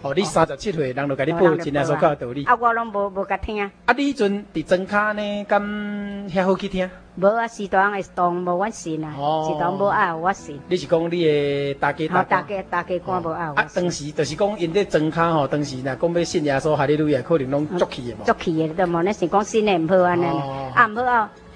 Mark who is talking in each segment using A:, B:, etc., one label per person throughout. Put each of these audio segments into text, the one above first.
A: 哦，你三十七歲，人就給你報信耶穌教道理。啊，我
B: 攏無無甲聽。啊，你迄陣佇莊卡呢，咁遐好去聽？無啊，時段誒，當無按時啦。哦、時段無啊，按時。
A: 你是講你誒，大家大
B: 家官無按時。哦、啊，
A: 當時就是講因這莊卡吼，當時呐，講要信耶穌，下底女誒可能攏抓起誒嘛。抓起誒，都無，那是講信誒唔好安、啊、尼，哦、啊唔好啊。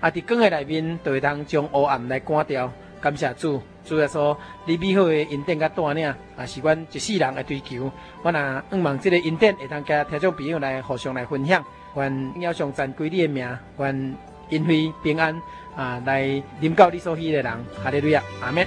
A: 啊！佇光的內面，就會當將黑暗來關掉。感謝主，主耶穌，你美好的恩典較大呢，啊，是阮一世人嘅追求。我呐，我們這個恩典會當加聽眾朋友來互相來分享。願要上讚歸你嘅名，願恩惠平安啊，來臨到你所喜嘅人。哈利路亞，阿們。